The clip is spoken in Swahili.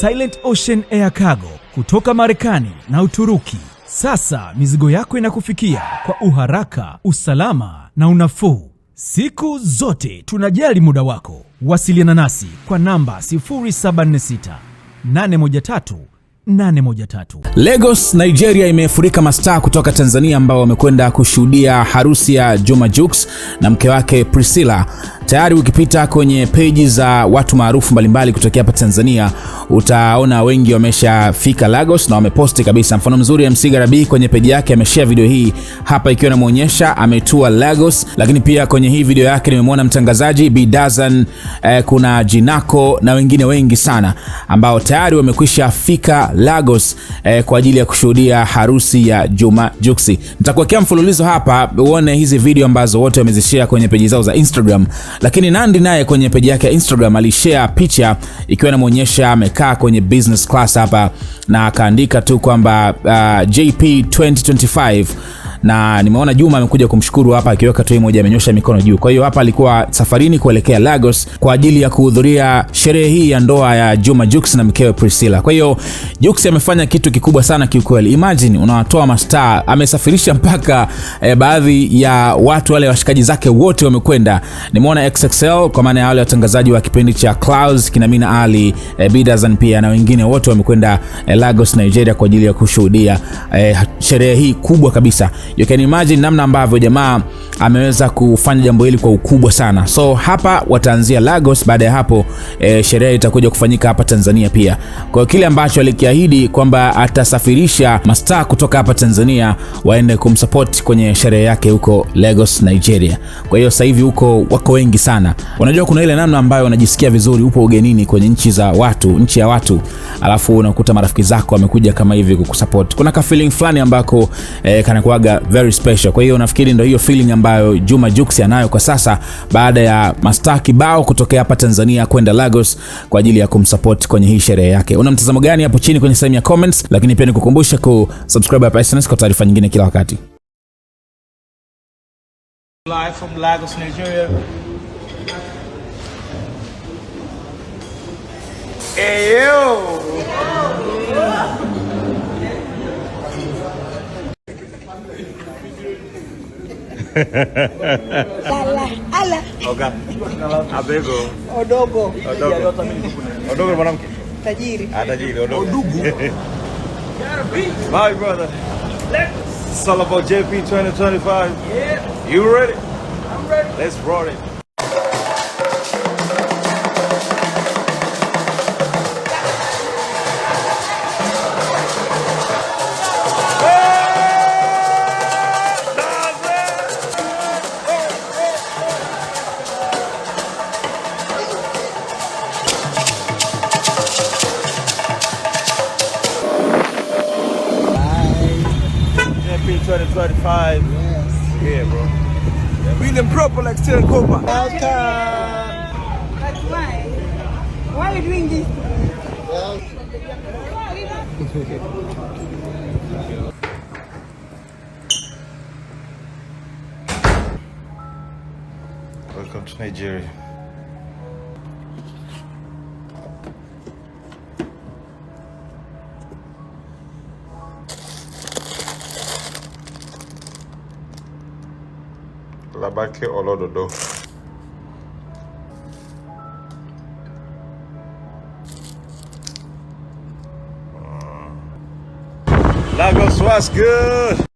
Silent Ocean Air Cargo kutoka Marekani na Uturuki. Sasa mizigo yako inakufikia kwa uharaka, usalama na unafuu. Siku zote tunajali muda wako. Wasiliana nasi kwa namba 076 813 813. Lagos, Nigeria imefurika mastaa kutoka Tanzania ambao wamekwenda kushuhudia harusi ya Juma Jux na mke wake Priscilla Tayari ukipita kwenye peji za watu maarufu mbalimbali kutokea hapa Tanzania utaona wengi wameshafika Lagos na wameposti kabisa. Mfano mzuri MC Garabi kwenye peji yake ameshare video hii hapa ikiwa inamuonyesha ametua Lagos, lakini pia kwenye hii video yake nimemwona mtangazaji Bidazan eh, kuna Jinako na wengine wengi sana ambao tayari wamekwisha fika Lagos eh, kwa ajili ya kushuhudia harusi ya Juma Juksi. Nitakuwekea mfululizo hapa uone hizi video ambazo wote wamezishare kwenye peji zao za Instagram lakini Nandy naye kwenye peji yake ya Instagram alishare picha ikiwa inamuonyesha amekaa kwenye business class hapa na akaandika tu kwamba uh, JP 2025 na nimeona Juma amekuja kumshukuru hapa akiweka tu emoji amenyosha mikono juu. Kwa hiyo hapa alikuwa safarini kuelekea Lagos kwa ajili ya kuhudhuria sherehe hii ya ndoa ya Juma Jux na mkewe Priscilla. Kwa hiyo Jux amefanya kitu kikubwa sana kiukweli. Imagine unawatoa mastaa, amesafirisha mpaka e, baadhi ya watu wale washikaji zake wote wamekwenda. Nimeona XXL kwa maana ya wale watangazaji wa kipindi cha Clouds, kina Mina Ali, eh, e, Bidazan pia na wengine wote wamekwenda e, Lagos Nigeria kwa ajili ya kushuhudia e, sherehe hii kubwa kabisa you can imagine namna ambavyo jamaa ameweza kufanya jambo hili kwa ukubwa sana. So hapa wataanzia Lagos, baada ya hapo e, sherehe itakuja kufanyika hapa Tanzania pia. Kwa kile ambacho alikiahidi kwamba atasafirisha mastaa kutoka hapa Tanzania waende kumsupport kwenye sherehe yake huko Lagos, Nigeria. Kwa hiyo sasa hivi huko wako wengi sana. Unajua kuna ile namna ambayo unajisikia vizuri upo ugenini kwenye nchi za watu, nchi ya watu, alafu unakuta marafiki zako wamekuja kama hivi kukusupport. Kuna ka feeling fulani ambako e, eh, kanakuaga very special. Kwa hiyo nafikiri ndio hiyo feeling ambayo Juma Jux anayo kwa sasa baada ya mastaa kibao kutokea hapa Tanzania kwenda Lagos kwa ajili ya kumsupport kwenye hii sherehe yake. Una mtazamo gani hapo chini kwenye sehemu ya comments, lakini pia nikukumbusha kusubscribe hapa SNS kwa taarifa nyingine kila wakati. Live from Lagos, Nigeria. Hey, yo. ala. Oga. Abego. Odogo. Odogo. Odogo mwanamke. Tajiri. Ah, tajiri odogo. Odugu. My brother. Let's. It's all about JP 2025. Yeah. You ready? I'm ready. Let's roll it. 2025. Yes. Yeah, bro. Yeah. proper like still in coma. Welcome. But why? Why are you doing this? Welcome to Nigeria. Laba ke olododo Lagos was good